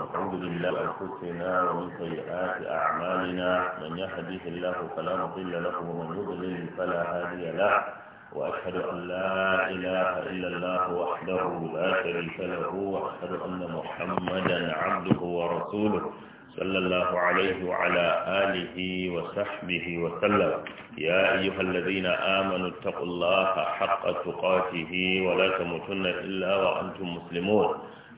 ونعوذ انفسنا ومن سيئات أعمالنا من يهده الله فلا مضل له ومن يضلل فلا هادي له وأشهد أن لا إله إلا الله وحده لا شريك له وأشهد أن محمدا عبده ورسوله صلى الله عليه وعلى آله وصحبه وسلم يا أيها الذين آمنوا اتقوا الله حق تقاته ولا تموتن إلا وأنتم مسلمون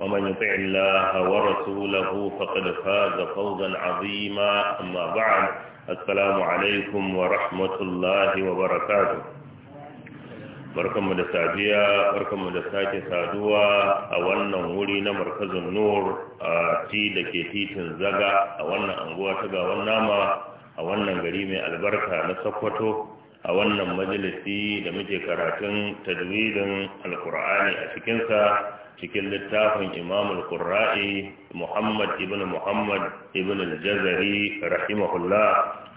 ومن يطع الله ورسوله فقد فاز فوزا عظيما أما بعد السلام عليكم ورحمة الله وبركاته barkanmu da sadiya barkanmu da sake saduwa a wannan wuri na markazin nur a ci da ke titin zaga a wannan anguwa ta gawan nama a wannan gari mai albarka na sokoto a wannan majalisi da muke karatun tajwidin alkur'ani a cikinsa cikin littafin imam al-qurra'i muhammad ibn muhammad ibn al-jazari rahimahullah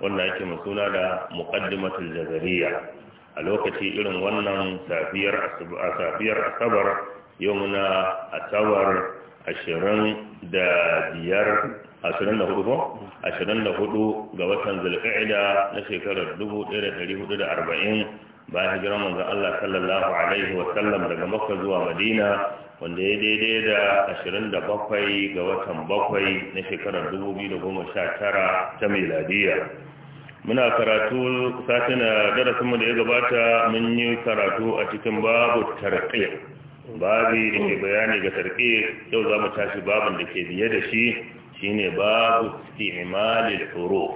wanda yake suna da muqaddimatul jazariya a lokaci irin wannan safiyar safiyar asabar yau muna asabar 25 ashirin da hudu ashirin da hudu ga watan zulqa'ida na shekarar 1440 bayan hijirar manzon Allah sallallahu alaihi wa sallam daga Makka zuwa Madina wanda ya daidai da ashirin da bakwai ga watan bakwai na shekarar 2019 ta miladiya muna karatu satina eh, darasinmu da ya gabata mun yi karatu a cikin babu tarƙi babi da ke bayani ga tarƙi yau za mu tashi babin da ke biye da shi shine babu istimalil huruf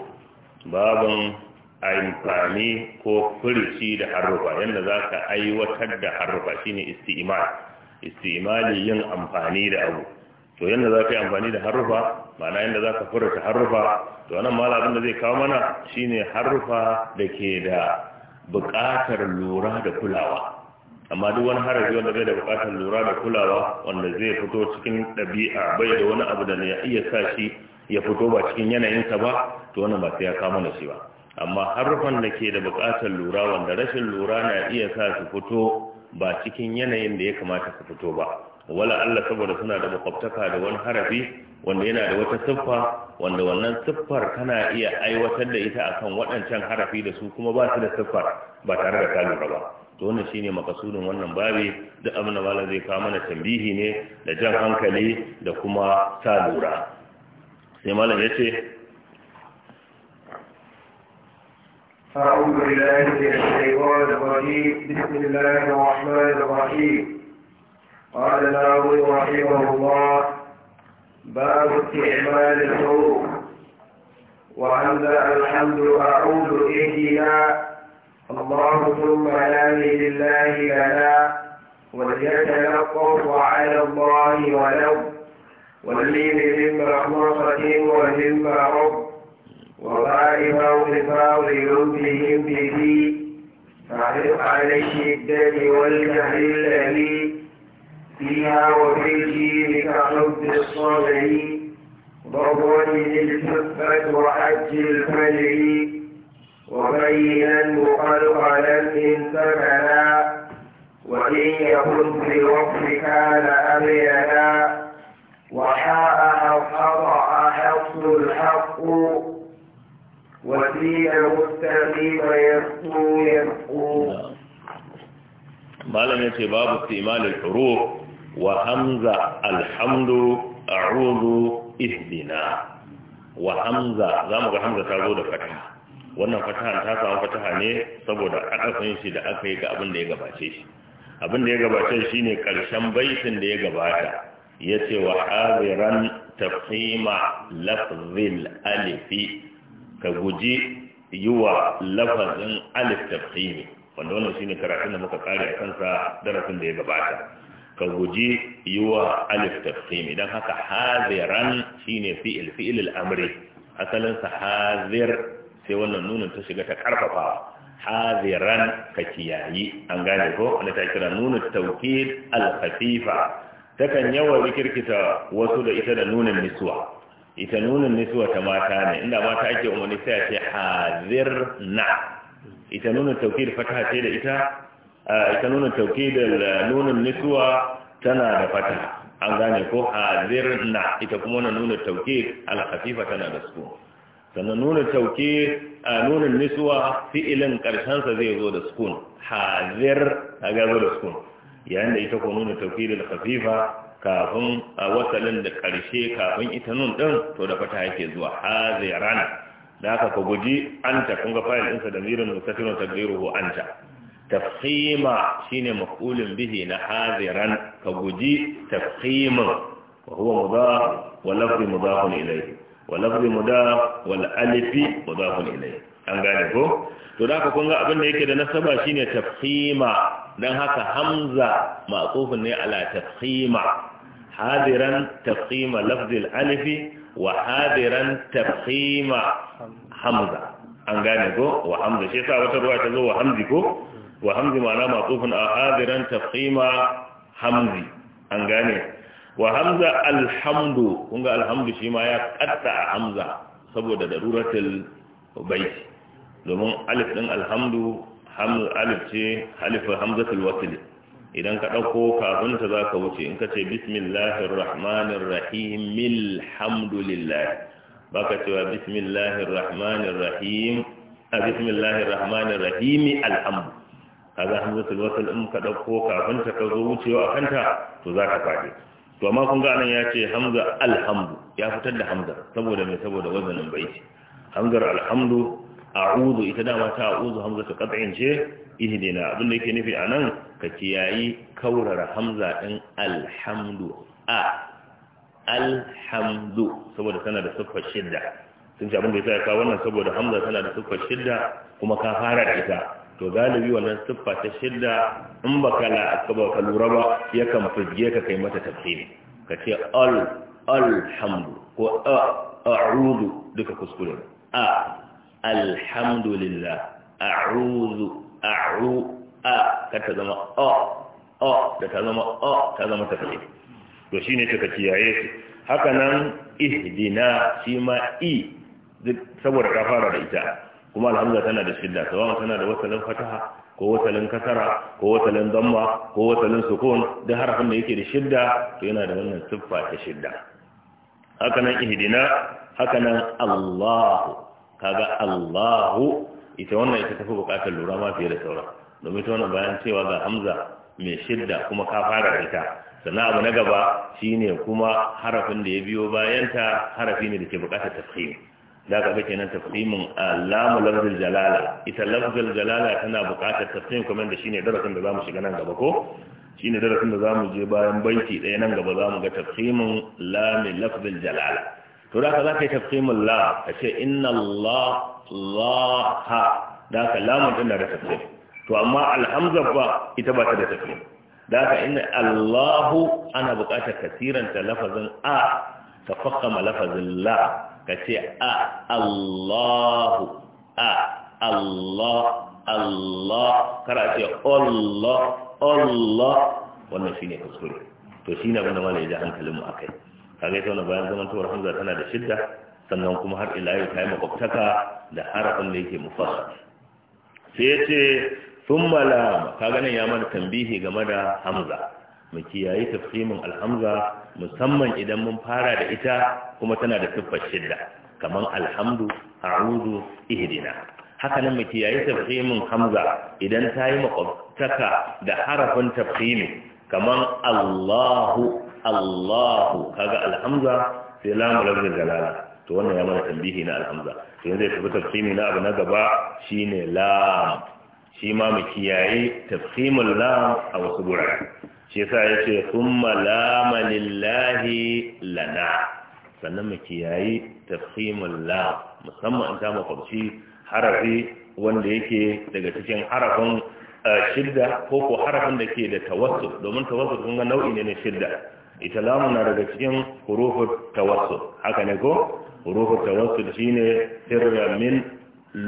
babin amfani ko furici da harufa yadda za ka aiwatar da harufa shine isti'imal istimali yin amfani da abu to yanda za ka yi amfani da harufa ma'ana yanda za ka furta harufa to wannan mala abin da zai kawo mana shine harufa da ke da buƙatar lura da kulawa amma duk wani harafi wanda zai da buƙatar lura da kulawa wanda zai fito cikin ɗabi'a bai da wani abu da ya iya sa shi ya fito ba cikin yanayinsa ba to wannan ba sai ya kawo mana shi ba amma harufan da ke da buƙatar lura wanda rashin lura na iya sa su fito ba cikin yanayin da ya kamata su fito ba wala Allah saboda suna da makwabtaka da wani harafi wanda yana da wata siffa wanda wannan siffar kana iya aiwatar da ita akan waɗancan harafi da su kuma ba su da siffar ba tare da kalura ba to wannan shine makasudin wannan babi duk abin da malam zai kawo mana tambihi ne da jan hankali da kuma sa lura sai malam yace أعوذ بالله من الشيطان الرجيم بسم الله الرحمن الرحيم قال ناوي رحمه الله باب استعمال الحروف وعند الحمد أعوذ إهدنا الله ثم لامي لله لنا وليتلقف على الله ولو ولي من رحمة ومن رب وضارب وغفار يومهم به فاعرف على الشدة والجهل الالي فيها وفي الجيل كحب الصبر ضربا للحفة وحج الفجر وبينا مقلقلا إن سكنا وإن يكن في وقف كان أبينا وحاء حقق حق الحق malam ya ce babu imanin huruf wa hamza alhamdu a'udhu ihdina wa hamza za mu ga hamza ta zo da fataha wannan fataha ta samu fataha ne saboda akafin shi da aka yi ga abin da ya gabace shi abin da ya gabace shi ne karshen baitin da ya gabata ya ce wa hadiran tafhima lafzil alifi ka guji yi wa lafazin alif tafhimi wanda wannan shine karatun da muka kare a kansa darasin da ya gabata ka guji yi wa alif tafhimi don haka haziran shine fi'il fi'il amri asalin sa hazir sai wannan nunin ta shiga ta karfafawa haziran ka kiyayi an gane ko wanda ta kira nunin tawkid al-khafifa kan yawan rikirkita wasu da ita da nunin niswa ita nunin nisuwa ta mata ne inda mata ake umarni sai a ce hazir na ita nunin da fata ce da ita ita nunin taukir da nunin nisuwa tana da fata an gane ko hazir na ita kuma wannan nunin taukir alhafifa tana da su sannan nunin taukir a nunin nisuwa fi'ilin karshensa zai zo da sukun hazir a ga zo da sukun yayin da ita ko nunin da alhafifa kafin a wasalin da ƙarshe kafin ita nun ɗin to da fata yake zuwa haze rana da haka ka guji an ta kunga fayil ɗinsa da zirin mustafirun tagliruhu anta tafkhima shine makulin bihi na haze haziran ka guji tafkhimin wa huwa mudaf wa lafzi mudafun ilayhi wa lafzi mudaf wal alifi mudafun ilai an gane ko to da haka kunga abin da yake da nasaba shine tafkhima dan haka hamza ma'tufun ne ala tafkhima hadiran tafkhima lafzil alifi wa hadiran tafkhima hamza an gane ko wa hamza shi yasa wata ruwa ta zo wa hamzi ko wa hamzi ma'ana maqufun a hadiran tafkhima hamzi an gane wa hamza alhamdu kun ga alhamdu shi ma ya katta hamza saboda daruratul bait domin alif din alhamdu alif ce alif hamzatul wasl idan ka ɗauko kafinta za ka wuce in ka ce bismillahir rahmanir rahim alhamdulillah ba ka cewa bismillahir rahmanir rahim a bismillahir rahmanir rahimi alhamdu kaga hamzatul wasl in ka ɗauko kafinta ka zo wucewa a kanta to za ka faɗi to amma kun ga anan ya ce hamza alhamdu ya fitar da hamza saboda mai saboda wazanin baiti hamzar alhamdu a'udhu ita dama ta a'udhu hamza ta qat'in ce ihdina abin da yake nufi anan ka kiyayi kaurara hamza din alhamdu a alhamdu saboda tana da siffar shidda sun ce abin da yasa ka wannan saboda hamza tana da siffar shidda kuma ka fara da ita to galibi wannan siffa ta shidda in baka la ba ka lura ba yakan fige ka kai mata tafsiri ka ce al alhamdu ko a'udhu duka kuskure a alhamdulillah a'udhu a'u a ka zama o o da ta zama o ta zama ta kace to shine take kiyaye haka ihdina shi ma i saboda ka fara da ita kuma alhamza tana da shidda sabon tana da wasalin fataha ko wasalin kasara ko wasalin damma ko wasalin sukun duk harafin da yake da shidda to yana da wannan siffa ta shidda haka nan ihdina haka nan Allahu kaga Allahu ita wannan ita tafi bukatar lura ma fiye da sauran domin ita wannan bayan cewa ga hamza mai shidda kuma ka fara da ita sannan abu na gaba shine kuma harafin da ya biyo bayan ta harafi ne da ke bukatar tafhim da ga kake nan tafhimin alamu ah, lafzul jalala ita lafzul jalala tana bukatar tafhim kuma da shine darasin da zamu shiga nan gaba ko shine darasin da zamu je bayan banki ɗaya nan gaba zamu ga tafhimin lami lafzul jalala to da ka za ka yi tafsimin la ka ce inna laha da ka lamun din da tafsir to amma alhamza ba ita ba ta da tafsir da ka inna Allahu ana buƙatar kasiranta lafazin a ta fakkama lafazin la ka ce a Allahu a Allah Allah kara ce Allah Allah wannan ne kuskure to shine abin da malai ya ji hankalin mu kai kaga ta wannan bayan zaman tuwar hamza tana da shidda sannan kuma har ila yau ta yi makwabtaka da harafin da yake mufassal sai ya ce sun mala kaga ganin ya mana tambihi game da hamza mu kiyaye tafsimin alhamza musamman idan mun fara da ita kuma tana da siffar shidda kaman alhamdu a'udhu ihdina haka nan mu kiyaye tafsimin hamza idan ta yi makwabtaka da harafin tafsimi kaman allahu Allahu kaga alhamza sai lamu lafzin galala to wannan ya mana tambihi na alhamza to yanzu zai tafi tafsimi na abu na gaba shine lam shi ma mu kiyaye tafsimul lam a wasu gurare shi yasa yace thumma lama lillahi lana sannan mu kiyaye tafsimul lam musamman in ta makwabci harafi wanda yake daga cikin harafin eh, shidda ko ko harafin da ke da tawassul domin tawassul kun ga nau'i ne na shidda islamu na daga cikin hurufut tawassul haka ne ko hurufut tawassul shine sirra min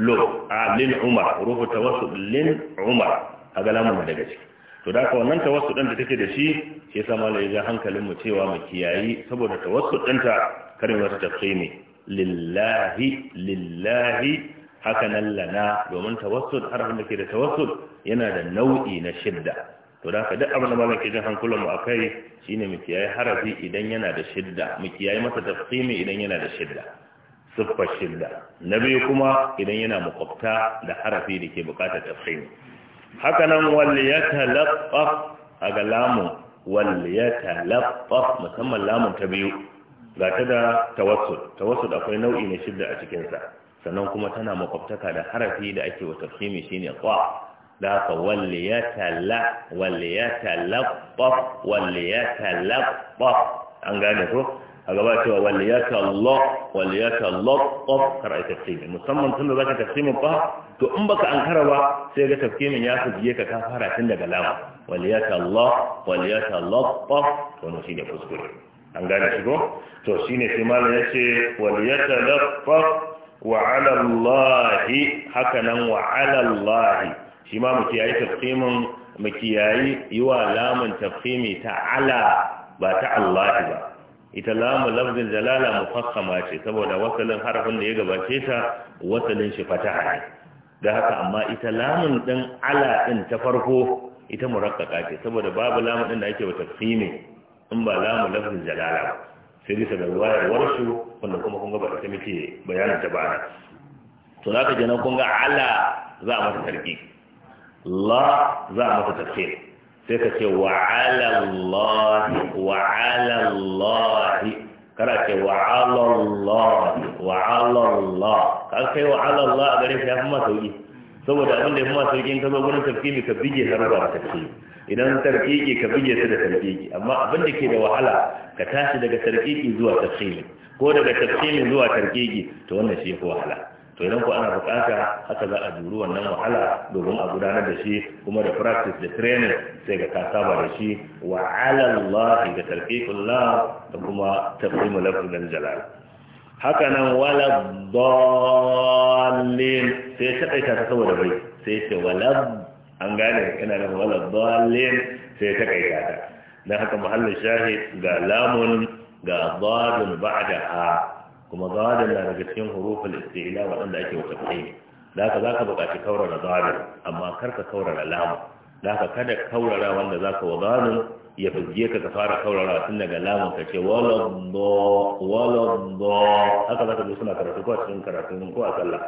lo a lin umar hurufut tawassul lin umar haka lamu na daga ciki to da haka wannan tawassul ɗan da take da shi ke sama da ya hankalin mu cewa mu kiyayi saboda tawassul ɗanta ta karin wata ne lillahi lillahi haka nan lana domin tawassul harfin da ke da tawassul yana da nau'i na shidda to da duk abin da malam ke jin hankulan mu kai shine mu kiyaye harafi idan yana da shidda mu kiyaye masa tafsimi idan yana da shidda siffar shidda na biyu kuma idan yana makwabta da harafi da ke bukatar tafsimi haka nan wal aga lamu wal yatalaqqaf musamman lamun ta biyu ga ta da tawassul tawassul akwai nau'i na shidda a cikinsa sannan kuma tana makwabtaka da harafi da ake wa tafsimi shine qa da haka walli ya talla walli ya talabbaf walli ya talabbaf ko a gaba cewa walli ya tallo walli ya tallabbaf kar musamman tun da zaka tafsimi to in baka ankara ba sai ga tafsimin ya fujiye ka ka daga lamu walli ya tallo walli to ne shine kuskure an gane to shine hakanan wa shi ma mu kiyayi tafkimin yi wa lamun tafkimi ta ala ba ta Allah ba ita lamun lafzin jalala mufassama ce saboda wasalin harafin da ya gabace ta wasalin shi fataha ne da haka amma ita lamun din ala din ta farko ita murakkaka ce saboda babu lamun din da ake wa tafkimi in ba lamun lafzin jalala ba sai bisa da wayar warshu wanda kuma kun ga ta muke bayanin ta ba to za ka ji nan kun ga ala za a masa tarki la za a masa tafsir sai ka ce wa alallahi wa alallahi kana ce wa alallahi wa alallah ka kai wa alallah a gare shi ya fi ma sauki saboda abin da ya fi ma sauki in ka zo gurin tafsiri ka bige harba da tafsiri idan tarkiki ka bige su da tarkiki amma abin da ke da wahala ka tashi daga tarkiki zuwa tafsiri ko daga tafsiri zuwa tarkiki to wannan shi ya fi wahala to idan ko ana bukata haka za a juri wannan wahala domin a gudanar da shi kuma da practice da training sai ga ka saba da shi wa ala Allah ga tarfiqullah da kuma tafsimu lafzan jalal haka nan wala dallin sai ta kaita ta saboda bai sai ce wala an gane ina da wala dallin sai ta kaita ta dan haka muhallin shahid ga lamun ga dadun ba'da ha kuma zalim na daga cikin huruful isti'la waɗanda ake wata kai da ka zaka buƙaci kaurara zalim amma kar ka kaurara lamu da ka kada kaurara wanda zaka wa zalim ya fizge ka ka fara kaurara tun daga lamun ka ce waladda waladda haka zaka ji suna karatu ko a cikin karatu ko a sallah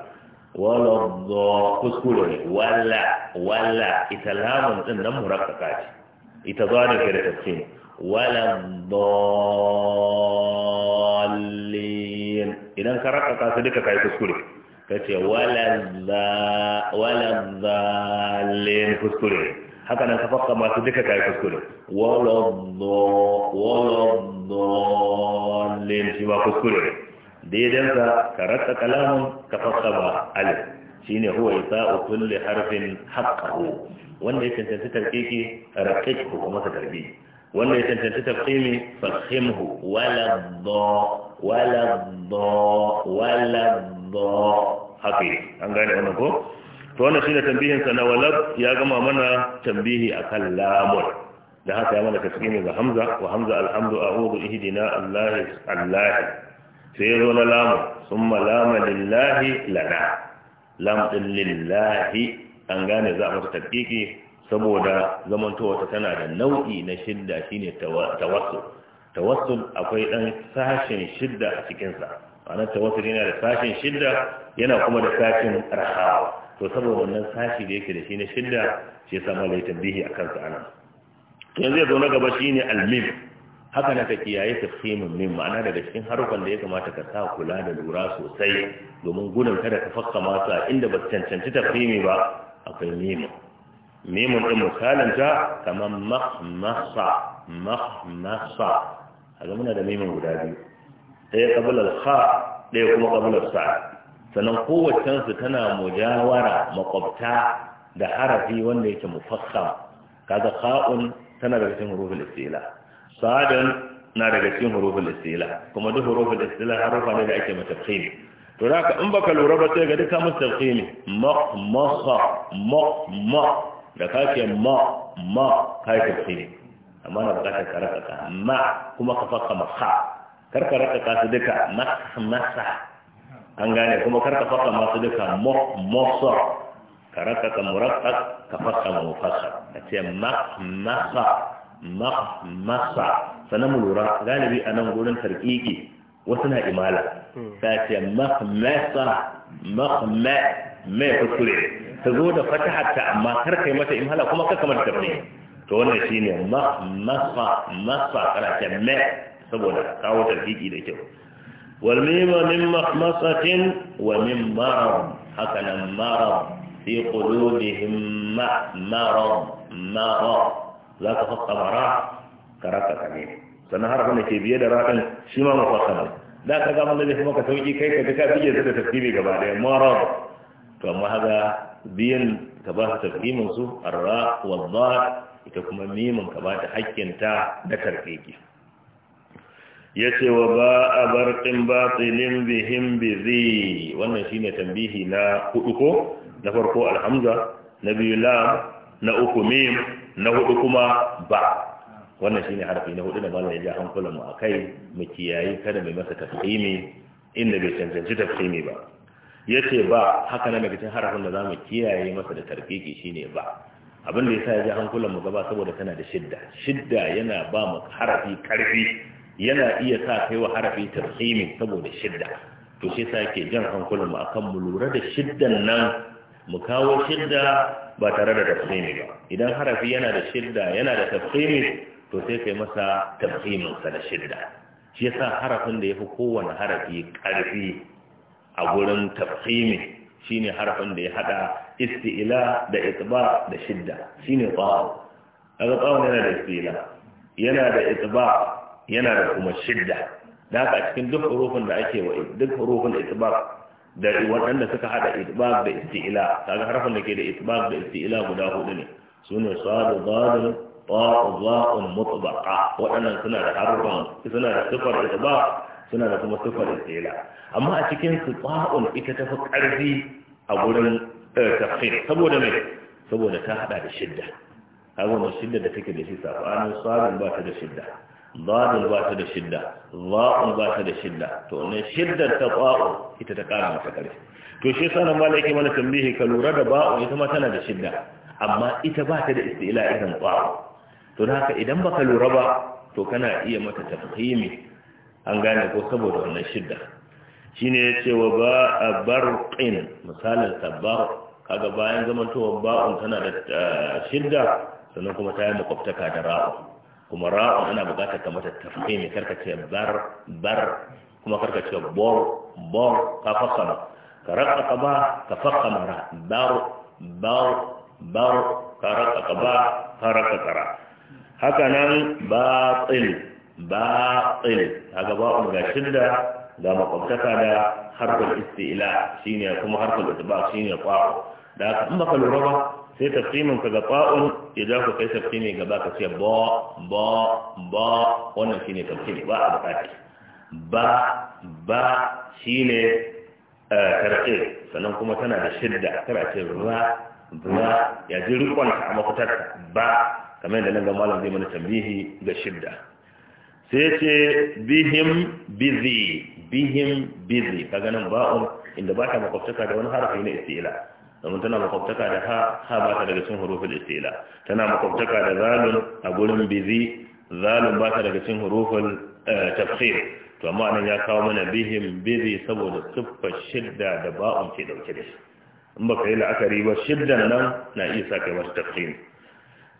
waladda kuskure ne walla walla ita lamun din nan murakkaka ce ita zalim ke da tafsiri waladda idan ka raka su duka kai kuskure ka ce wala zalin kuskure haka nan ka fakka masu duka kai kuskure wala zalin shi ba kuskure daidan ka ka raka kalamun ka fakka ba alif shine huwa yasa'u kulli harfin haqqahu wanda ya cancanci tarkiki raqiqhu kuma sa tarbi wanda ya cancanci tafsimi fahimhu wala waladda haka yi an gane wannan ko to wannan shine tambihin sa na walad ya gama mana tambihi akan lamun da haka ya mana tasbihin ga hamza wa hamza alhamdu a'udhu ihdina allahi allahi sai zo na lamu, summa lama lillahi lana lam lillahi an gane za a masa tabbiki saboda zamantowa ta tana da nau'i na shidda shine tawassul tawassul akwai dan sashen shidda a cikinsa ana tawassul yana da sashin shidda yana kuma da sashen rahawa to saboda wannan sashi da yake da shi na shidda shi ya ma lai tambihi a sa anan Yanzu ya zo na gaba shine almim haka na ka kiyaye tafhimin mim ma'ana daga cikin harufan da ya kamata ka sa kula da lura sosai domin gudun kada ka fakka inda ba cancanci tafhimi ba akwai mim mimun din misalanta kamar mahmasa mahmasa هذا من هذا ميمان ودادي هي قبل الخاء هي كما قبل الساعة فننقوة تنس تنا مجاورة مقبتا ده حرفي وانيك مفخة هذا خاء تنا بكتين حروف الاستيلاء صادا نا بكتين حروف الاستيلاء كما دو حروف الاستيلاء حرفا لدعيك متبخيم تراك انبك الوربة تيجد كم استبخيم مخ مخ مخ مخ لكاك مخ مخ هاي تبخيمي amma na bukatar ka raka ka ma kuma ka faka masa kar ka ka su duka masa an gane kuma kar ka faka masu duka mosa ka raka ka murakkak ka faka ma mufassar a ce masa masa sanan mu lura galibi a nan gurin tarkiki wasu na imala ta hmm. ce mahmasa mahma mai kuskure ta zo da hatta amma kar yi mata imala kuma ka kamar tafiya to wannan shine ma masa masa kana ta me saboda kawo tarkiki da kyau wal mimma min mahmasatin wa min marad haka nan marad fi qulubihim ma marad za ka fasa mara karaka kane sannan harafin da ke biye da raɗin shi ma mafasana da ka gama da zai maka sauki kai ka duka fiye su da tafsiri gaba ɗaya marad to amma haga biyan ka ba su tafsirin su arra wa dhar ita kuma mimin ka ba ta hakkinta da karkeke ya ce wa ba a barƙin batsilin bihim bizi wannan shi ne tambihi na hudu ko na farko alhamza na biyu lam na uku mim na hudu kuma ba wannan ne harfi na hudu da malam ya ja hankulan mu akai mu kiyaye kada mai masa tafsimi inda bai cancanci tafsimi ba yace ba haka na daga harafin da zamu kiyaye masa da shi shine ba abin da sa ya ji hankulan mu gaba saboda tana da shidda shidda yana ba mu harafi karfi yana iya sa kai wa harafi tarhimi saboda shidda to shi yasa yake jan hankulan mu akan mu lura da shiddan nan mu kawo shidda ba tare da tafsimi ba idan harafi yana da shidda yana da tafsimi to sai kai masa tafsimin sa da shidda shi yasa harafin da yafi kowane harafi karfi a gurin tafsimi shine harafin da ya hada isti'la da itba da shidda shine ta'u kaga ta'u yana da isti'la yana da itba yana da kuma shidda da haka cikin duk hurufin da ake wa duk hurufin itba da waɗanda suka hada itba da isti'la kaga harafin da ke da itba da isti'la guda hudu ne sune sadu dalil ta'u za'un mutbaqa waɗannan suna da harfan suna da sifar itba suna da kuma sifar tsela amma a cikinsu su ba'un ita tafi ƙarfi a wurin eh, tafsir saboda mai saboda ta haɗa da shidda kaga wannan shidda da take da shi safanin sabin ba ta da shidda dadin ba ta da shidda za'un ba ta da shidda to ne shiddar ta ƙwa'un, ita ta ƙara masa ƙarfi to shi sanan malaki mana tambihi ka lura da ba'un ita ma tana da shidda amma ita ba ta da istila irin ba'u to haka idan baka lura ba to kana iya mata tafhimi an gane ko saboda wannan shidda shine ya ce wa ba a barqin misalin tabbar kaga bayan zamantowar ba'un tana da eh, shidda sannan kuma ta yi makwabtaka da ra'u kuma ra'u ana bukatar kamata mata tafhimi karka karkace bar bar kuma karka ce bor bor ka fassara ka raƙaƙa ba ka fassara ra bar bar bar ka raƙaƙa ba ka raka ra haka nan tsili batil kaga ba'un ga shidda ga makwabtaka da harkar isti'la shine kuma harkar itbaq shine qa'u da in baka lura ba sai tafsimin ka ga qa'un ya ja ku kai ne gaba ka ce ba ba ba wannan shine tafsiri ba a bukati ba ba shine karfe eh, sannan kuma tana da shidda tana ce ra ruwa ya ji rikon a makutar ba kamar da nan ga malam zai mana tambihi ga shidda sai ce bihim bizi bihim bizi ka ganin ba'un inda ba ta makwabtaka da wani harafi na isti'ila domin tana makwabtaka da ha ha ba ta daga cin hurufin isti'ila tana makwabtaka da zalun a gurin bizi zalun ba ta daga cin hurufin eh, tafsir to amma nan ya kawo mana bihim bizi saboda siffar shidda da ba'un ke dauke da shi in ba ka yi la'akari ba shiddan nan na iya sa kai masa tafsir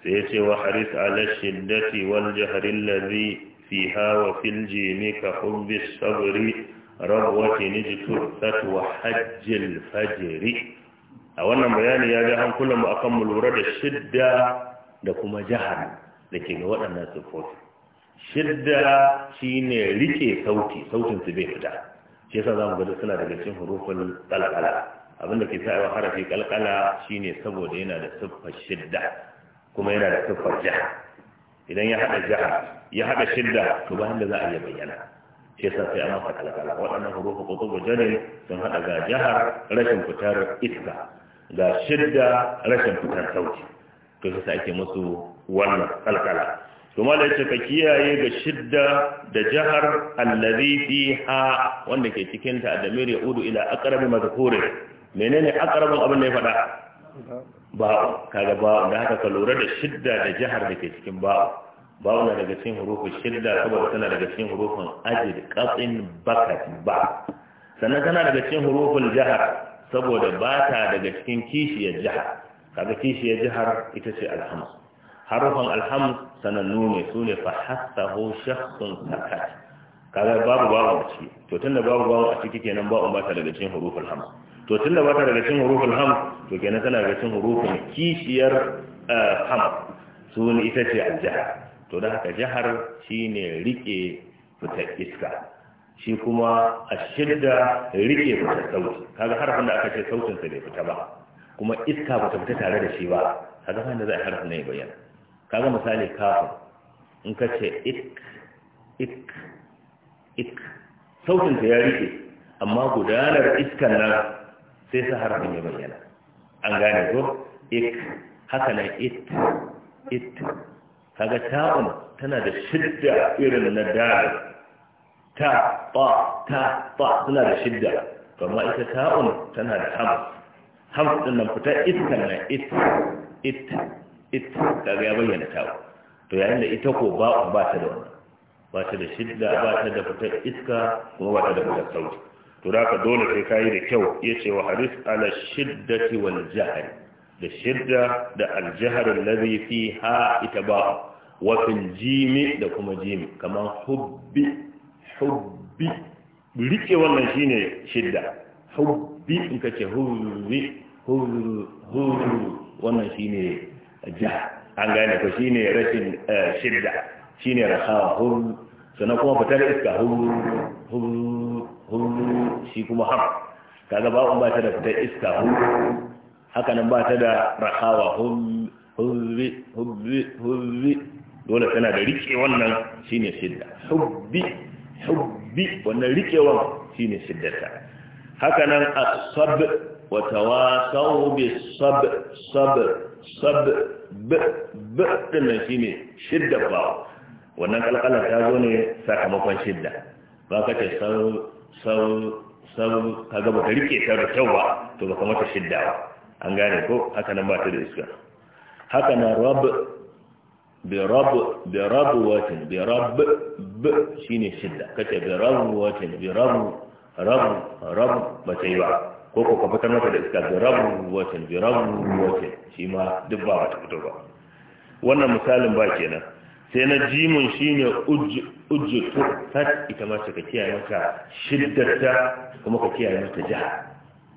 sai ya ce wa haris ala shiddati wal jahri allazi فيها وفي الجيم كحب الصبر ربوة اجتثت وحج الفجر a wannan bayanin ya ga hankulan mu akan mu lura da shidda da kuma jahar da ke ga waɗannan siffofi shidda shine rike sauti sautin su bai fita shi yasa zamu ga suna da daga cikin hurufin qalqala abinda ke sa wa harafi qalqala shine saboda yana da siffar shidda kuma yana da siffar jahar idan ya haɗa jaha ya haɗa shidda to ba da za a iya bayyana shi yasa sai an masa kalkala waɗannan ko kutubu jani sun haɗa ga jahar rashin fitar iska ga shidda rashin fitar sauti to yasa ake musu wannan kalkala to ma da ka kiyaye ga shidda da jahar allazi fiha wanda ke cikin ta da miri udu ila aqrabi madhkurin menene aqrabun abin da ya faɗa ba'u kaga ba'u da haka ka lura da shidda da jihar da ke cikin ba'u ba'u na daga cikin hurufin shidda saboda tana daga cikin hurufin ajid qat'in bakat ba sannan tana daga cikin hurufin jihar saboda ba ta daga cikin kishiyar jihar kaga kishiyar jihar ita ce alhamd harufan alham sanannu ne su ne fa hasahu shakhsun sakat kaga babu babu a ciki to tunda babu babu a ciki kenan ba'u ba ta daga cikin hurufin hamd to da ba ta daga cin hurufin ham to kenan tana daga cin hurufin kishiyar eh, ham ne ita ce jihar to da haka jihar shi ne rike fita iska shi kuma a shidda rike fita sauti kaga harafin da aka ce sautin sa bai fita ba kuma iska ba ta fita tare da shi ba kaga wanda za a harafin ya bayyana kaga misali kafin in ka ce ik ik ik sautin ta ya rike amma gudanar iskan nan sai su harafin ya bayyana an gane zo ik haka na it it kaga ta'un tana da shidda irin na dalil ta ba ta ba suna da shidda kuma ita ta'un tana da ham ham din nan fita it kan it it it kaga ya bayyana ta'un to yayin da ita ko ba ba ta da wannan ba ta da shidda ba ta da fitar iska kuma ba ta da fitar sauti to da dole sai kayi da kyau ya ce wa haris ala shiddati wal jahari da shidda da aljahar allazi fiha itaba wa fil jimi da kuma jimi kaman hubbi hubbi rike wannan shine shidda hubbi in ka ce hubbi hubbi wannan shine jah an gane ko shine rashin eh, shidda shine rahawa hubbi sannan kuma fitar iska hubbi hubbi shi kuma har kaga ba ba ta da fitar iska hu haka nan ba ta da rahawa hubbi hubbi hubbi dole tana da rike wannan shine shidda hubbi hubbi wannan rikewan shine shiddarta haka nan asab wa tawasaw bis sab sab sab b b dinnan shine shidda ba wannan kalkalar ta zo ne sakamakon shidda ba ka sau sau sabu kaga baka rike ta da kyau ba to baka mata shidda ba an gane ko haka nan ba ta da iska haka na rab bi rab bi rab watin bi rab b shine shidda kace bi rab watin bi rab rab rab ba ta yi ba ko ko ka fitar mata da iska bi rab watin bi rab watin shi ma duk ba ta fito ba wannan misalin ba kenan sai na jimin shi ne ujjutu tat ita ma ka kiyaye mata shiddata kuma ka kiyaye mata jiha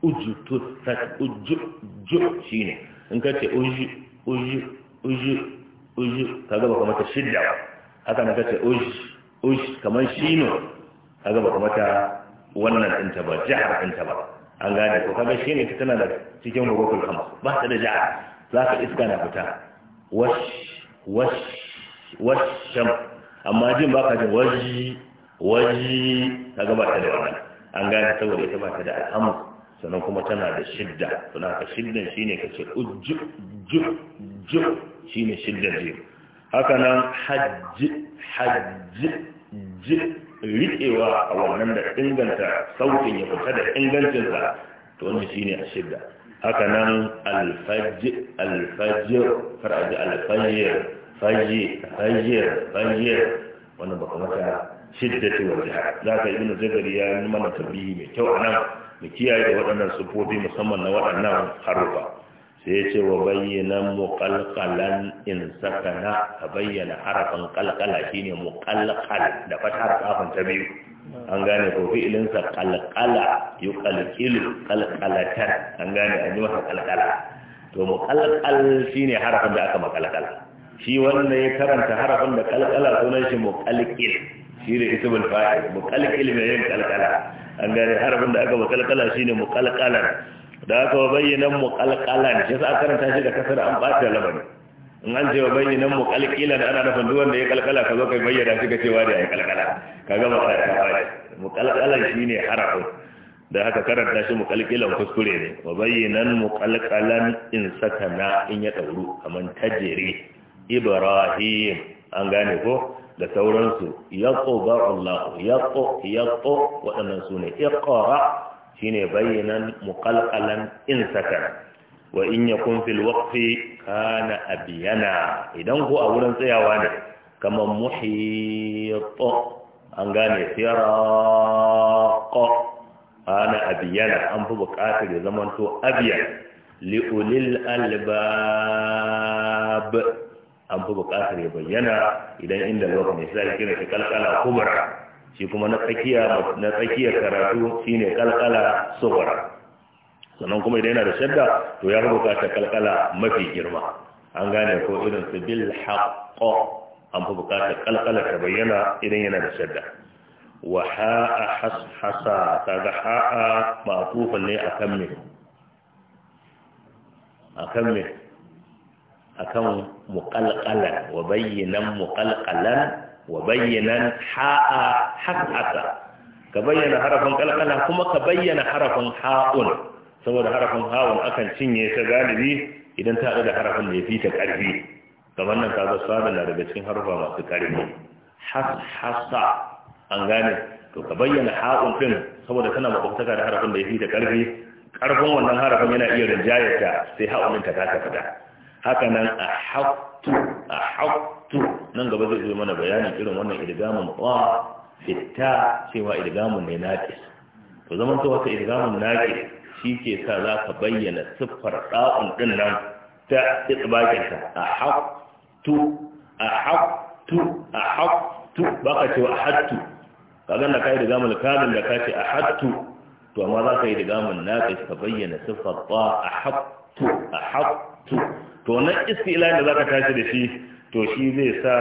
ujjutu tat ujjuju shi ne in ka ce uji uji uji ka gaba ka mata shidda haka na ka ce uji uji kamar shino ka gaba ka mata wannan ɗinta ba jihar ɗinta ba an gane ko kaga shi ne tana da cikin rubutun kama ba ta da jihar za ka iska na fita wash wash washam amma jin ba ka jin waji waji ta gaba ta da wani an gane saboda ta bata da alhamu sannan kuma tana da shidda suna ka shiddan shine ka ce ujju ju ju shine shiddan ji haka nan hajji hajji ji riƙewa a wannan da inganta sautin ya fita da ingancinsa to wannan shine a shidda haka nan alfajir alfajir faraji alfajir fayye hayyar hayyar wannan shidda ta shiddati za ka zaka ibnu zakari ya yi mana tabbihi mai kyau anan mu kiyaye da waɗannan sufofi musamman na waɗannan harufa sai ya ce wa bayyana muƙalƙalan in sakana a bayyana harafin ƙalƙala shi ne muƙalƙal da fatar kafin ta biyu an gane ko fi'ilinsa ƙalƙala yi ƙalƙilu ƙalƙalatan an gane an yi masa ƙalƙala to muƙalƙal shi ne harafin da aka maƙalƙala shi wanda ya karanta harafin da kalkala sunan shi muqalqil shi ne ismul fa'il muqalqil mai yin kalkala an gane harafin da aka muqalqala shine muqalqalan da aka bayyana muqalqalan shi sa karanta shi da kasar an bace labari in an ce wa bayyanan muqalqilan ana nufin duk wanda ya kalkala ka zo kai bayyana shi ka ce da ya kalkala kaga ba ta fa'il muqalqalan shine harafin da haka karanta shi mukalkilan kuskure ne wa bayyana mukalkalan in sakana in ya dauru kaman tajere ibrahim an gane ko da sauransu yaqo ba'ullahu yaqo yaqo waɗannan ne iqra shine bayyanan muqallalan in sakana wa in yakun fil waqfi kana abiyana idan ko a wurin tsayawa ne kamar muhit an gane siraqa ana abiyana an fi buƙatar ya zamanto abiyan li'ulil albab an fi buƙatar ya bayyana idan inda lokacin ya sai kira shi kalkala kubra shi kuma na tsakiya na tsakiyar karatu shine kalkala sughra sannan kuma idan yana da shadda to ya fi buƙatar kalkala mafi girma an gane ko irin su bil haqqo an fi buƙatar kalkala ta bayyana idan yana da shadda wa ha'a hashasa ga ha'a ma'tufan ne akan me akan me akan muqalqalan wa bayyinan muqalqalan wa bayyinan ha'a haqqata ka bayyana harafin ƙalƙala kuma ka bayyana harafin ha'un saboda harafin ha'un akan cinye ta galibi idan ta haɗu da harafin da ya fi ta ƙarfi kamar nan kaga sada na daga cikin harufa masu ƙarfi hasa an gane to ka bayyana ha'un ɗin saboda tana makwabtaka da harafin da ya fi ta ƙarfi ƙarfin wannan harafin yana iya rinjayar ta sai ha'un ta ta fita hakanan a haƙtu a haƙtu nan gaba zai zo mana bayanin irin wannan idgamun wa fitta cewa idgamun ne naqis to zaman to haka idgamun naqis shi ke sa za ka bayyana siffar ɗa'un ɗin nan ta itsbakinta a haƙtu a haƙtu a haƙtu ba ka cewa a hattu ka gana ka yi da gamun kamin da ka ce a hattu to amma za ka yi da gamun ka bayyana siffar ɗa a haƙtu a haƙtu to na istilahin da zaka tashi da shi to shi zai sa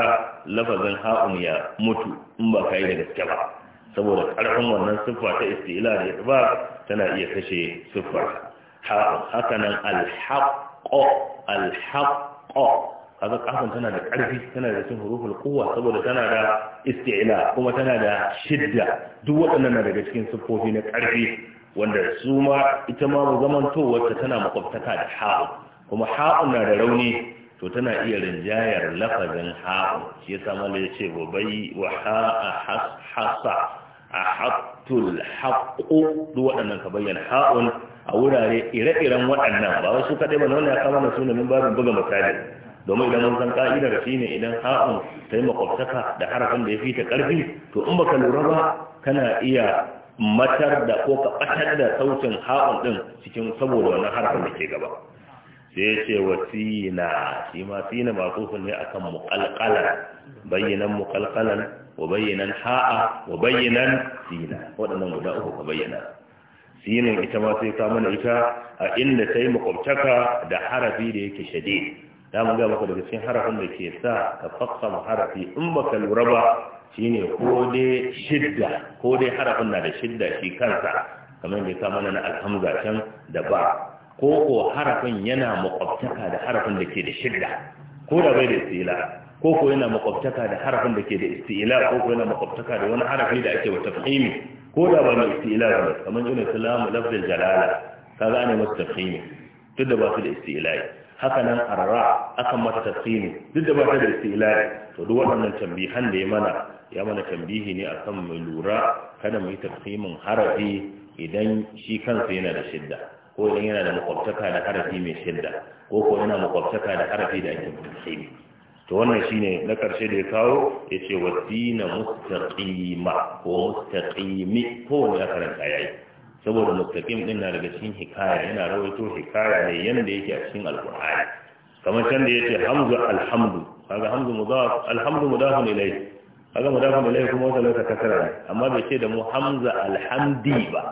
lafazin ha'un ya mutu in ba kai da gaske ba saboda karfin wannan siffa ta istila da ba tana iya kashe siffar hakanan haka nan alhaqqo kaga kafin tana da karfi tana da cin huruful quwwa saboda tana da istila kuma tana da shidda duk waɗannan na daga cikin siffofi na karfi wanda su ma ita ma zamantowarta tana makwabtaka da ha'un kuma ha'un na da rauni to tana iya rinjayar lafazin ha'un shi yasa mala ya ce wa wa ha'a a hattul haƙo duk waɗannan ka bayyana ha'un a wurare ire-iren waɗannan ba wasu kaɗai ba wani ya kama da min babin buga misali domin idan mun san ka'idar shi ne idan ha'un ta yi makwabtaka da harafin da ya fi ta ƙarfi to in baka lura ba kana iya matar da ko ka ɓatar da sautin ha'un ɗin cikin saboda wannan harafin da ke gaba sai ya ce wa sina shi ma sina maqufun ne a akan muqalqalan bayyanan muqalqalan wa bayyanan ha'a wa bayyanan sina waɗannan guda uku ka bayyana sinin ita ma sai ka mana ita a inda yi makwabtaka da harafi da yake shade, da mu ga maka daga cikin harafin da ke sa ka ma harafi in ba ka lura ba shine ko dai shidda ko dai harafin na da shidda shi kansa kamar da ka mana na alhamza can da ba Koko harafin yana makwabtaka da harafin da ke da shidda ko da bai da istila Koko yana makwabtaka da harafin da ke da istila ko ko yana makwabtaka da wani harafi da ake wata fahimi ko da ba mai istila ba kamar irin salamu lafzul jalala ka gane masa tafhimi duk da ba su da istilai haka nan arra akan mata tafhimi duk da ba su da istilai to duk waɗannan tambihan da ya mana ya mana tambihi ne akan mai lura kada mu yi tafhimin harafi idan shi kansa yana da shidda ko idan yana da makwabtaka da harafi mai shidda ko ko yana makwabtaka da harafi da ake ne to wannan shine na karshe da ya kawo ya ce wa dina mustaqima ko mustaqimi ko wani ya karanta yayi saboda mustaqim din na daga cikin hikaya yana rawaito hikaya ne yanda yake a cikin alqur'ani kamar can da yace hamdu alhamdu kaga hamzu mudaf alhamdu mudafun ilayhi kaga mudafun ilayhi kuma wata lokacin kasara ne amma bai ce da mu hamza alhamdi ba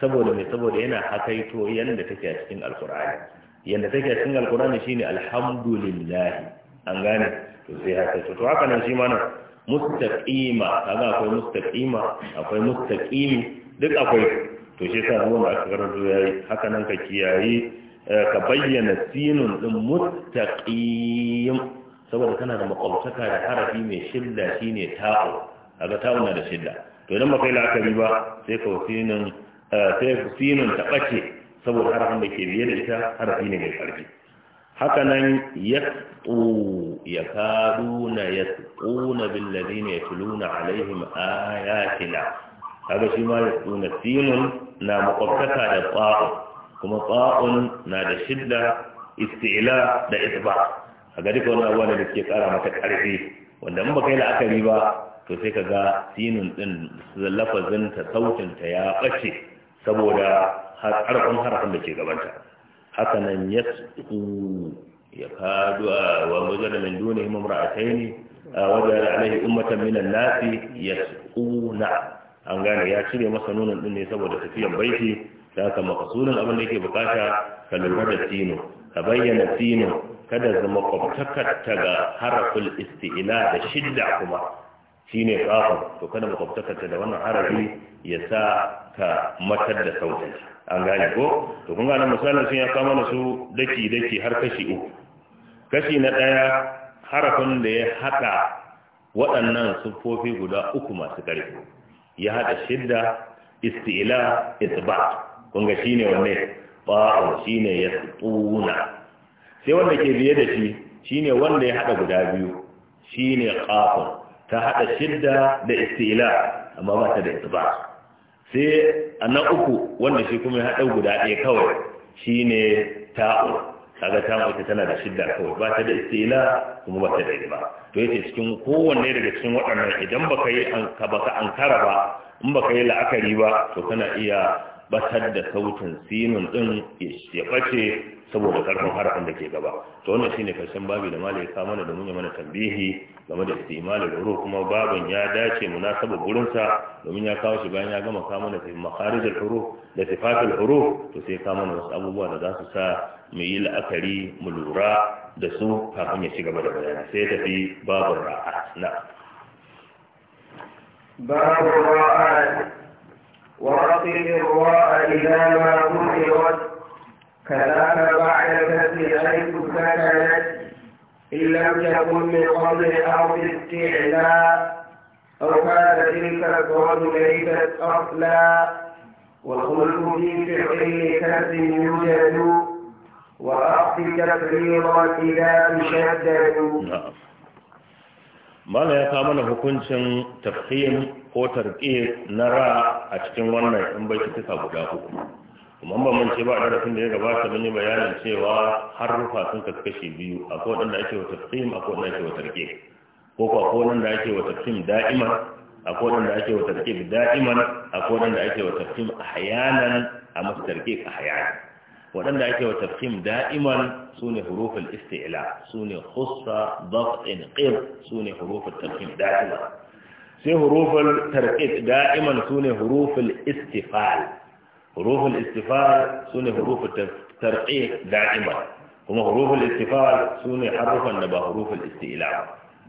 saboda mai saboda yana hakaito yadda take a cikin alkur'ani yadda take a cikin alkur'ani shine alhamdulillah an gane to sai haka to haka nan shi mana mustaqima kaga akwai mustaqima akwai mustaqimi duk akwai to shi yasa ruwan da aka karanto yayi haka nan ka kiyaye eh, ka bayyana sinun din mustaqim saboda kana da makwabtaka da harafi mai shidda shine ta'u kaga ta'u na da shidda to idan ba kai la'akari ba sai ka wasinin Eh, sai sinun ta ɓace saboda harafin da ke biye da ita harafi ne mai ƙarfi haka nan ya tsu ya na ya tsu na billazi ne ya tulu alaihim ayatina kaga shi ma ya tsu na sinun na makwabtaka da tsa'un kuma tsa'un na da shidda istila da isba a ga duka wani abuwa da ke ƙara mata ƙarfi wanda in ba kai la'akari ba to sai ka ga sinin ɗin lafazinta ta ya ɓace saboda harfin harfin da ke gabanta haka nan ya ya fadu a ah, wa duniya min duni ne a ah, wajen alaihi ummatan minan nasi na an gane ya cire masa nunan din ne saboda tafiyan baiki da haka makasunan abin da yake bukata ka lura da sino ka bayyana sino kada zama kwamtakar ta ga harafin isti'ila da shidda kuma Shi ne kafin to kada makwabtakar ta da wannan harafi ya sa ka matar da sautin an gane ko to kun gane misalin sun ya kama da su daki daki har kashi uku kashi na ɗaya harafin da ya haɗa waɗannan sufofi guda uku masu ƙarfi ya haɗa shidda isti'la isbat kun ga shine wanne ba shine tsuna sai wanda ke biye da shi shine wanda ya haɗa guda biyu shine qafun ta haɗa shidda da istila amma ba ta da isbat sai a na uku wanda shi kuma ya haɗa guda ɗaya kawai shi ne ta'u kaga ta'u ita tana da shidda kawai ba ta da istila kuma ba ta da ba to yace cikin kowanne daga cikin waɗannan idan baka yi ka baka ankara ba in baka yi la'akari ba to kana iya batar da sautin sinin din ya bace saboda karfin harafin da ke gaba to wannan shine karshen babu da malai ya kawo mana da mun yi mana tambihi game da istimalul huruf kuma babin ya dace munasaba gurin sa domin ya kawo shi bayan ya gama kamun da fi makharijul huruf da sifatul huruf to sai kawo mana wasu abubuwa da za su sa mu yi la'akari mu lura da su kafin ya ci gaba da bayana sai tafi babin ra'a na ra'a باب الراء ورقي الراء إذا ما ظهرت كلام بعد الفتح حيث كانت إن لم يكن من قبل أو استعلاء أو كان تلك الأرض ليست أصلا والخلق في فعل كسب يوجد وأخذ تفريضا إلى مشدد Mala ya kawo mana hukuncin tafhim ko tarƙi na ra a cikin wannan in bai ta guda uku. kuma ba mun ce ba a darasin da ya gabata mun yi bayanin cewa rufa sun kaskashe biyu akwai da ake wa tafsim akwai waɗanda ake wa tarke ko ko akwai da ake wa tafsim da'iman akwai waɗanda ake wa tarke da'iman akwai da ake wa tafsim ahyanan a masu tarke ahyanan waɗanda ake wa tafsim da'iman sune huruful isti'la sune khussa daf'in qir sune huruful tafsim da'ima sai huruful tarkib da'iman sune huruful istifal huruful istifal sune huruful tarqi da'ima kuma huruful istifal sune harufan da ba huruful istila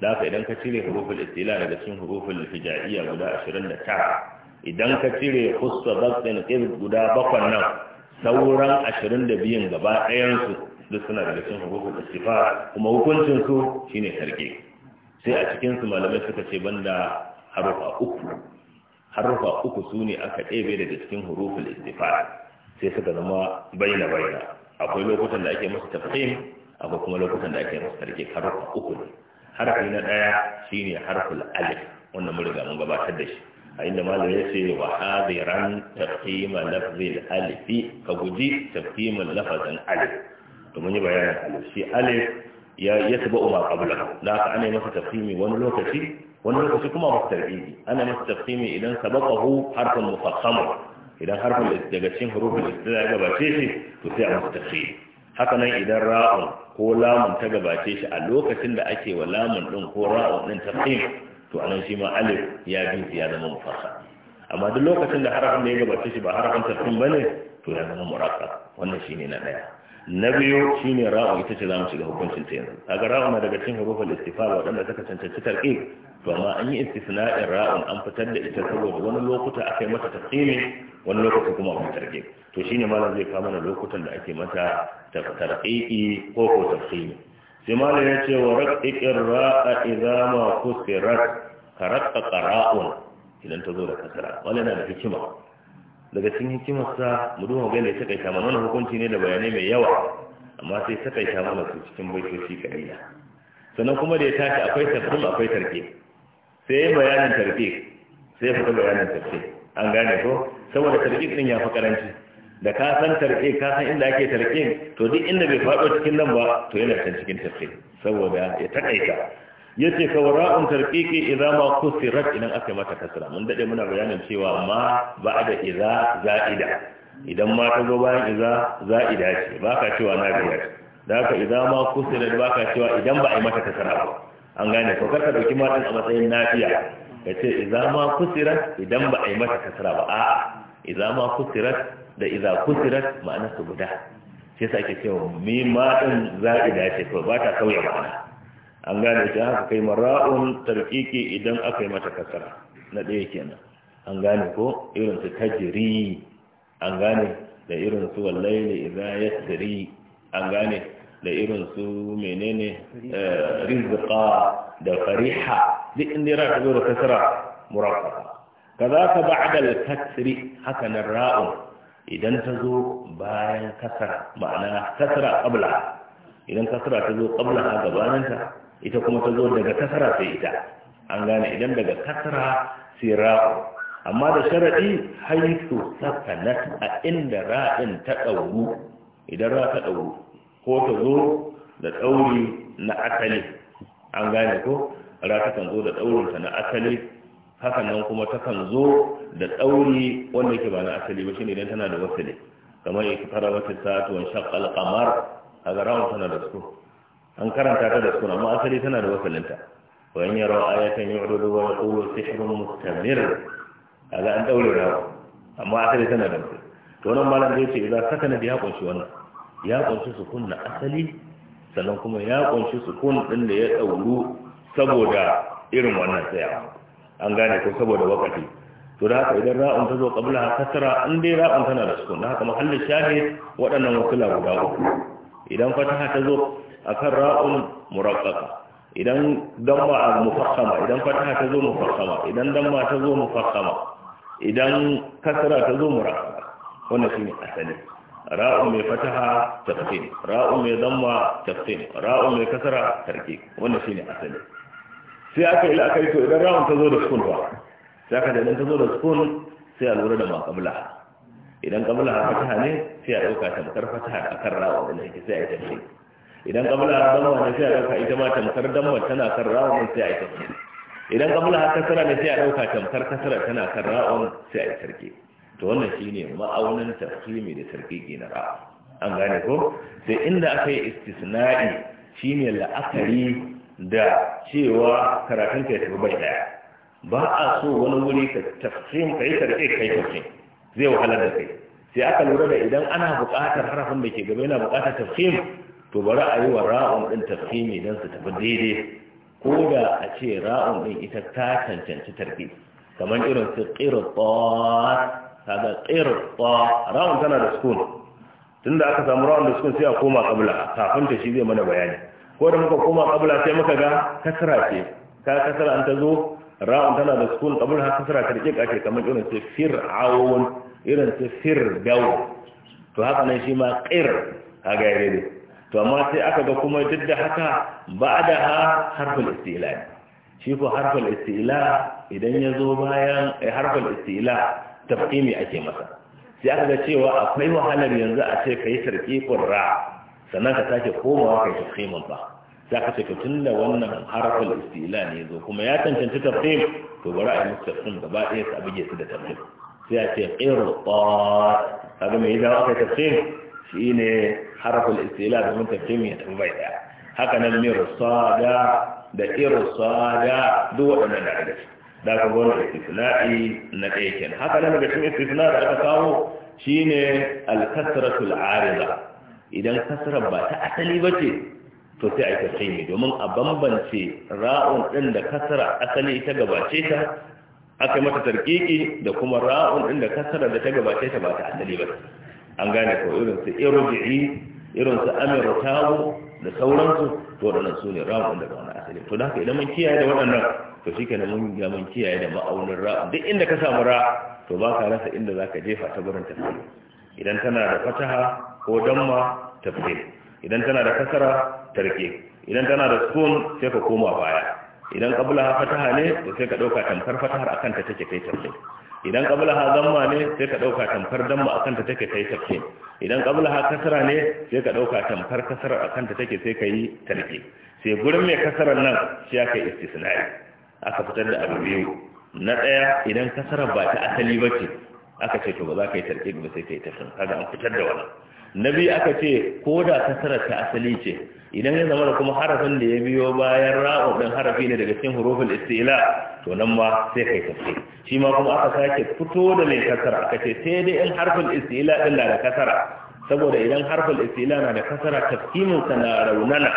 da ka idan ka cire hurufin istila daga cikin huruful hijaiya guda 29 idan ka cire hussa dabtin qirb guda bakwan nan sauran 22 gaba ɗayansu duk suna daga cikin hurufin istifa kuma hukuncinsu su shine tarqi sai a cikinsu malamai suka ce banda harufa uku harufa uku su ne aka ɗebe daga cikin hurufin istifara sai suka zama baina baina akwai lokutan da ake masa tafhim akwai kuma lokutan da ake musu tarkik harufa uku ne harfi na ɗaya shine harful alif wannan mun riga mun gabatar da shi a inda malam ya ce wa hadiran tafhima lafzil alifi ka guji tafhima lafazin alif to mun yi bayanin alif shi alif ya yatba ma qablahu la ka ana masa tafsimi wani lokaci wani lokaci kuma masa tarbibi ana masa tafsimi idan sabaqahu harfun mufassam idan harfin daga cikin hurufin istila ya gabace shi to sai a masa tafsiri haka nan idan ra'un ko lamun ta gabace shi a lokacin da ake wa lamun din ko ra'un din tafsir to anan shi ma alif ya bi ya zama mufassal amma duk lokacin da harafin da ya gabace shi ba harafin tafsir bane to ya zama murakkab wannan shine na daya na biyu shine ra'u ita ce zamu shiga hukuncin ta yanzu kaga ra'u na daga cikin huruful istifa wadanda suka cancanci tarqi to amma an yi istisna'in ra'un an fitar da ita saboda wani lokuta aka yi mata tafsimi wani lokuta kuma ba tarqi to shine malam zai kawo mana lokutan da ake mata tarqi ko ko tafsimi sai malam ya ce wa raqiqir ra'a idza ma kusirat ka raqqa idan ta zo da kasara wannan na da hikima daga cikin hikimarsa mu duba ga ne kai mana hukunci ne da bayanai mai yawa amma sai takaita mana su cikin baitoci kaliya sannan kuma da ya tashi akwai tafsir akwai tarke sai yin bayanin tarke sai ya bayanin an gane ko saboda tarke din ya fa karanci da ka san tarke ka san inda ake tarke to duk inda bai faɗo cikin nan ba to yana can cikin tarke saboda ya takaita yace ka wara'un tarqiqi idza ma kusirat idan aka mata kasra mun dade muna bayanin cewa ma ba da idza za'ida idan ma ta zo bayan idza za'ida ce baka cewa na biyar da haka idza ma kusirat baka cewa idan ba a yi mata kasra ba an gane ko karka dauki ma din a matsayin nafiya kace idza ma kusirat idan ba a yi mata kasra ba a'a idza ma kusirat da idza kusirat ma'anar su guda sai sa ake cewa mi ma din za'ida ce ko ba ta sauya ma'ana an gane ta haka kai mara'un tarkiki idan aka yi mata kasara na ɗaya kenan an gane ko irin su tajiri an gane da irin su idan idza yasri an gane da irin su menene eh, rizqa da fariha duk inda ra ta zo da kasara murakkaba ka ba'da al-kasri haka nan ra'un idan ta zo bayan kasara ma'ana kasara qabla idan kasara ta zo qabla gabaninta ita kuma ta zo daga kasara sai ita an gane idan daga kasara sai ra'u amma da sharaɗi haitu sakanat a inda ra'in ta ɗauru idan ra ta ɗauru ko ta zo da ɗauri na asali an gane ko ra ta kan zo da ɗaurinta na asali hakan nan kuma ta kan zo da ɗauri wanda yake ba na asali ba shine idan tana da wasali kamar ya fara wata sa'atu shakal kamar a ga rawun tana da su an karanta ta da suna amma asali tana da wasalinta wa in yaro ayatan yu'ridu wa yaqulu sihrun mustamir kaga an daure rawa amma asali tana da wasu to nan malam zai ce idan sakana da ya kunshi wannan ya kunshi sukun na asali sannan kuma ya kunshi sukun din da ya dauru saboda irin wannan tsaya an gane ko saboda wakati to da haka idan ra'un ta zo qabla kasra an dai ra'un tana da sukun da haka mahallin shahid waɗannan wasu wasula guda uku idan fataha ta zo akan ra'un muraqqaqa idan damma a mufakkama idan fataha ta zo mufakkama idan damma ta zo mufakkama idan kasra ta zo murakkaba wannan shine asali ra'u mai fataha tafsir ra'u mai damma tafsir ra'u mai kasra tarki wannan shine asali sai aka yi la'akari to idan ra'un ta zo da sukun ba sai aka da idan ta zo da sukun sai a lura da ma qabla idan ha fataha ne sai a dauka tamkar fataha akan ra'u da ne sai a yi tafsir idan kabla damma ne sai a ɗauka ita ma tamkar damma tana kan ra'un sai a yi tafsiri idan kabla har kasara ne sai a ɗauka tamkar kasara tana kan ra'un sai a yi sarki to wannan shine ma'aunin tafsiri da sarki na ra'a an gane ko sai inda aka yi istisna'i shine la'akari da cewa karatun ka ya tafi bai daya ba a so wani wuri ka tafsim ka yi sarki ka yi tafsim zai wahalar da kai sai aka lura da idan ana buƙatar harafin da ke gaba yana buƙatar tafsim to bari a yi wa ra'un ɗin tafhimi don su tafi daidai ko da a ce ra'un ɗin ita ta cancanci tarbi kamar irin su ƙirɓa kaga ƙirɓa ra'un tana da sukun da aka samu ra'un da sukun sai a koma kabla kafin ta shi zai mana bayani ko da muka koma kabla sai muka ga kasra ce ka kasra an ta zo ra'un tana da sukun kabla har kasra ta rike kace kamar irin su fir'aun irin su fir'dau to haka nan shi ma ƙir kaga ya daidai to amma sai aka ga kuma duk da haka ba da ha harful istila shi ko harfin istila idan ya zo bayan eh, harfin istila tafkimi ake masa sai aka ga cewa akwai wahalar yanzu a ce kai sarki qurra sannan ka sake komawa kai tafkimin ba za ka ce tun da wannan harfin istila ne zo kuma ya cancanci tafkim to bari a yi musu tafkim gaba ɗaya su abuge su da tafkim sai a ce qirqa ga me ya dawo kai tafkim shi ne harafin istila domin fim ya tafi bai haka nan mirsada da irsada duk waɗannan da aka da aka na ɗaya kenan haka nan daga cikin istisna da aka kawo shi ne alkasratul ariza idan kasrar ba ta asali ba ce to sai a tafhimi domin a bambance ra'un ɗin da kasra asali ita gabace ta aka mata tarkiki da kuma ra'un ɗin da kasra da ta gabace ta ba ta asali ba an gane ko irin su irubi'i irin su amiru tawo da sauransu to waɗannan su ne ra'un da ra'un asali to haka idan mun kiyaye da waɗannan to shi kenan mun ga mun kiyaye da ma'aunin ra'un duk inda ka samu ra to ba ka rasa inda za ka jefa ta gurin tafsir idan tana da fataha ko damma tafsir idan tana da kasara tarke idan tana da sukun sai ka koma baya idan kabla fataha ne to sai ka ɗauka tamkar fatahar akan ta take kai tafsir idan qabla ha zamma ne sai ka dauka tamfar damma akan ta take kai tafke idan qabla ha kasara ne sai ka dauka tamfar kasara akan ta take sai kai tarki sai gurin mai kasarar nan shi aka istisnai aka fitar da abu biyu na daya idan kasarar ba ta asali ba ce aka ce to ba za ka yi tarki ba sai kai tafin kaga an fitar da wannan na biyu aka ce ko da kasarar ta asali ce idan ya zama da kuma harafin da ya biyo bayan ra'u ɗin harafi ne daga cikin hurufin istila to nan ma sai kai tafi shi ma kuma aka sake fito da mai kasara aka ce sai dai in harfin istila ɗin na da kasara saboda idan harfin istila na da kasara tafkimin sa na raunana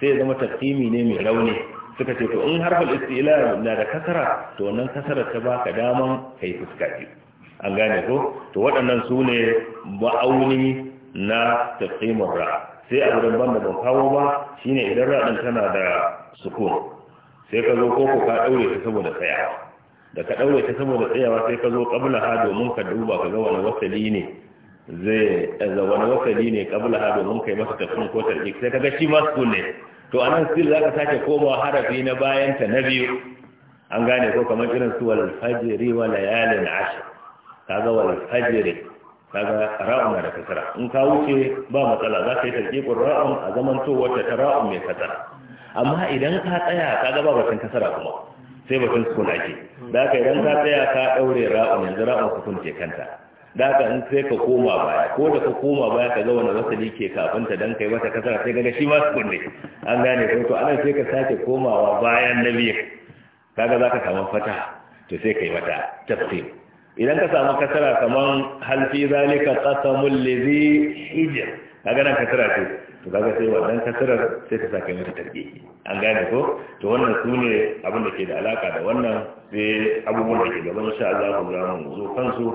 sai zama tafkimi ne mai rauni suka ce to in harfin istila na da kasara to nan kasara ta baka daman kai fuska an gane ko to waɗannan su ne ma'auni na taqimur ra sai a wurin banda ba kawo ba shine idan ra din tana da sukun sai ka zo koko ka daure ta saboda tsayawa da ka daure ta saboda tsayawa sai ka zo qabla ha domin ka duba ka ga wani wasali ne zai da eh, wani wasali ne qabla ha domin kai masa tafin ko tarkik sai ka ga shi ma sukun ne to anan za ka sake komawa harafi na bayan ta na biyu an gane ko kamar irin su wal fajri wa layalin ashr kaga wal fajri kaga ra'un na da kasara in ka wuce ba matsala za ka yi tarkikun ra'un a zamantowar ta ra'un mai kasara amma idan ka tsaya kaga ba batun kasara kuma sai batun sukun ke da ka idan ka tsaya ka daure ra'un yanzu ra'un sukun ce kanta da ka in sai ka koma baya ko da ka koma baya ka ga wani wasali ke kafin ta dan kai mata kasara sai ga shi ma sukun ne an gane ko to anan sai ka sake komawa bayan nabi kaga za ka samu fata to sai kai mata tafsir idan ka samu kasara kaman hal fi zalika qasamul ladhi hijr kaga nan kasara ce to kaga sai wannan kasarar sai ka saka mata tarbiyi an gane ko to wannan sune abin da ke da alaka da wannan sai abubuwan da ke gaban insha Allah ku za mu zo kansu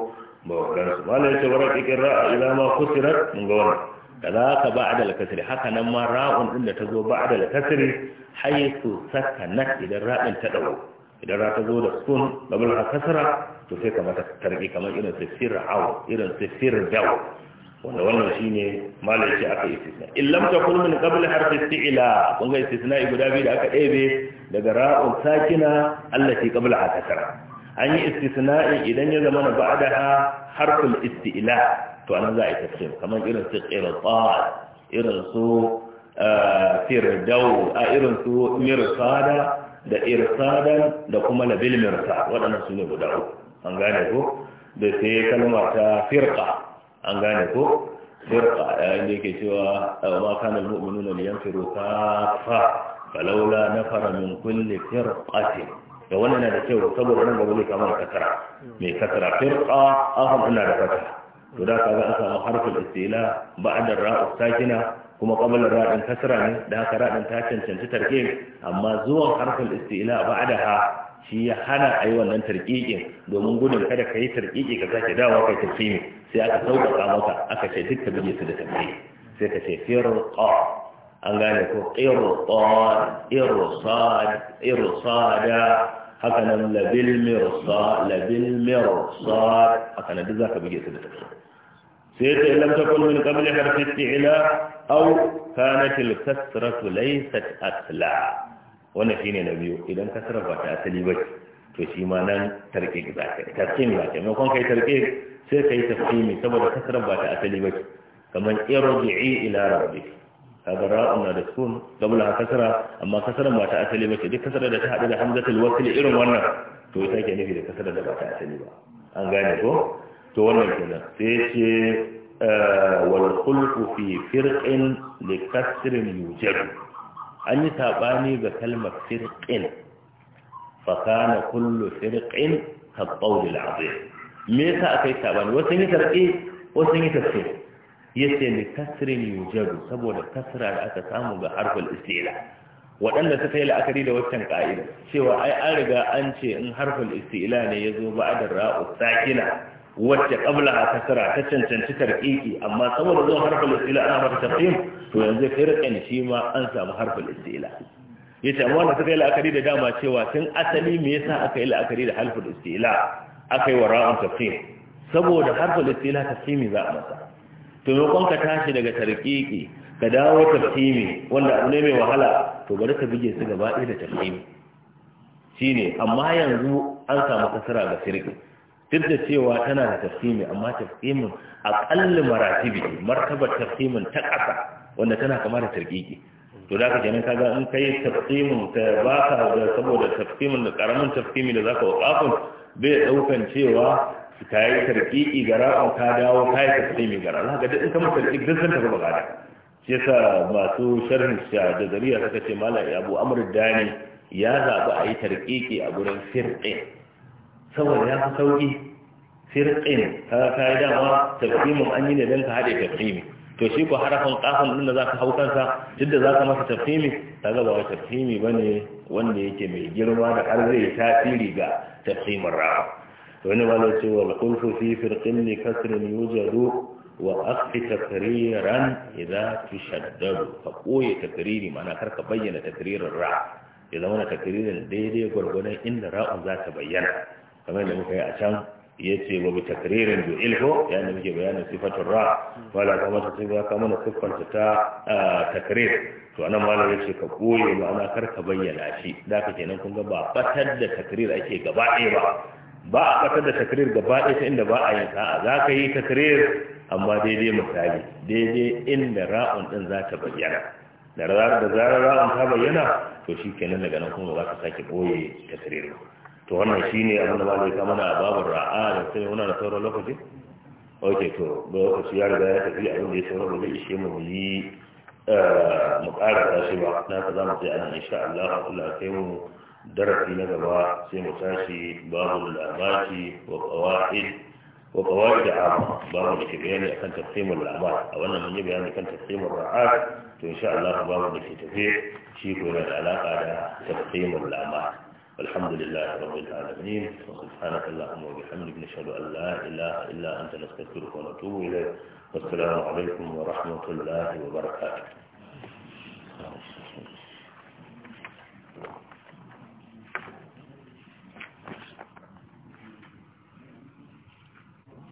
ba gan su malai ce wara ikra'a ila ma kusirat mun ga wannan kadaka ba'da al-kasr haka nan ma ra'un din da ta zo ba'da al-kasr haythu sakanat idan ra'in ta dawo idan ra ta zo da sun babul kasara to sai kamata tarbi kamar irin su fir'au irin su daw wanda wannan shine malai shi aka istisna in lam takun min qabla harfi isti'la kun ga istisna guda biyu da aka ɗebe daga ra'un sakina allati qabla ha kasara an yi istisna'in idan ya zama na ba'daha harful isti'la to anan za a yi tafsir kamar irin su qirqat irin su daw eh, a irin su mirsada da irsadan da kuma labil mirsa waɗannan su ne guda uku an gane ko da sai kalma ta firka an gane ko firka yayin da yake cewa ma kana almu'minuna liyanfiru kafa falawla nafara min kulli firqati da wannan na da kyau saboda nan gaba zai kamar kasara mai kasara firqa ahum ina da fata to da kaga an samu harfin istila ba'da ra'u sakina kuma qabla ra'in kasara ne da haka ra'in ta cancanci tarkib amma zuwan harfin istila ba'da ha shi ya hana a yi wannan tarƙiƙin domin gudun kada ka yi tarƙiƙi ka sake dawa kai tafsimi sai aka sauƙaƙa maka aka ce duk ka bige su da tambayi sai ka ce firqa an gane ko irqa irsad irsada haka nan labil mirsa labil mirsad haka nan duk zaka bige su da tafsimi sai ta lam kullu min qabli harfi fi'la aw kanat al kasratu laysat asla wannan shine na biyu idan ka sarrafa ta asali ba to shi ma nan tarke za ka tarkim ba ka maimakon kai tarke sai kai tafsimi saboda ka sarrafa ta asali ba kamar irji'i ila rabbi kaga ra'un na da sun gabla kasara amma kasar ba ta asali ba duk kasara da ta haɗu da hamzatul wasl irin wannan to ita ke nufi da kasara da ba ta asali ba an gane ko to wannan kenan sai ce eh, wal khulqu fi firqin li kasrin yujadu an yi saɓani ga kalmar firƙin fakana kullu firƙin kaɓɓau da azim me yasa aka yi saɓani wasu yi tarƙi wasu yi tafsir ya ce ni kasirin yujaru saboda kasra da aka samu ga harfin istila waɗanda suka yi la'akari da waccan ka'ida cewa ai an riga an ce in harfin istila ne ya zo ba'adar ra'u sakina wacce kabla a kasara ta cancanci tarƙiƙi amma saboda zuwa harfa istila ana mata tafsir to yanzu firqan shi ma an samu harfin Ya ce, amma wanda suka yi la'akari da dama cewa tun asali me yasa aka yi la'akari da harfin istila aka yi wara'un tafsir saboda harfin istila tafsimi za a masa to me ka tashi daga tarƙiƙi ka dawo tafsimi wanda abu ne mai wahala to bari ka bige su gaba ɗaya da Shi shine amma yanzu an samu kasara ga firqi duk da cewa tana da tafsimi amma tafsimin aƙalli maratibi martabar tafsimin ta ƙasa wanda tana kama da tarkiki to da ka kenan kaga in kai tafsimin ta ba ka da saboda tafsimin da karamin tafsimi da zaka wakafin bai ɗaukan cewa ta yi tarkiki ga ra'on ka dawo ka yi tafsimi ga ra'on haka duk in kama tarkiki duk sun tafi ba kada shi yasa masu sharhin zariya suka ce malam abu amr dani ya zaɓi a yi tarkiki a gurin firɗe saboda ya fi sauƙi sirƙin ka yi dama tafsimin an yi ne don ka haɗe tafsimi to shi ku harafin ƙafin ɗin da za ka hau kansa duk da za ka masa tafsimi ta gaba wa tafsimi ba ne wanda yake mai girma da har zai tasiri ga tafsimin ra'a wani ba ce wal kulfu fi firqin li kasrin yujadu wa akhfi idan idza tushaddadu ka koye takriri mana kar ka bayyana takririn ra' ya zama na takririn daidai gwargwadon inda ra'un za ta bayyana kamar da muka yi a can ya ce wa bitakririn da ilho ya muke bayanin sifatun ra wala ta mata sai mana siffanta ta takrir to anan malam ya ce ka koye ma'ana kar ka bayyana shi da ka kenan kun ga ba batar da takrir ake gaba ɗaya ba ba a batar da takrir gaba ɗaya ta inda ba a yin sa'a za ka yi takrir amma daidai misali daidai inda ra'un ɗin za ta bayyana da zarar ra'un ta bayyana to shi kenan daga nan kuma ba za ka sake ɓoye takrir ba to wannan shine abin da malai kama da babar ra'a da sai wannan da sauran lokaci ok to lokaci ya riga ya tafi abin da ya sauran da ishe mu yi mu ƙara tashi ba na ka zamu sai ana insha Allah Allah kai mu darasi na gaba sai mu tashi babu al-amati wa qawaid akan عامة باب a wannan mun yi bayani kan من ra'a to insha Allah babu da الله tafi shi شيء da alaka da تقسيم الأعمال الحمد لله رب العالمين وسبحانك اللهم وبحمدك نشهد أن لا إله إلا أنت نستغفرك ونتوب إليك والسلام عليكم ورحمة الله وبركاته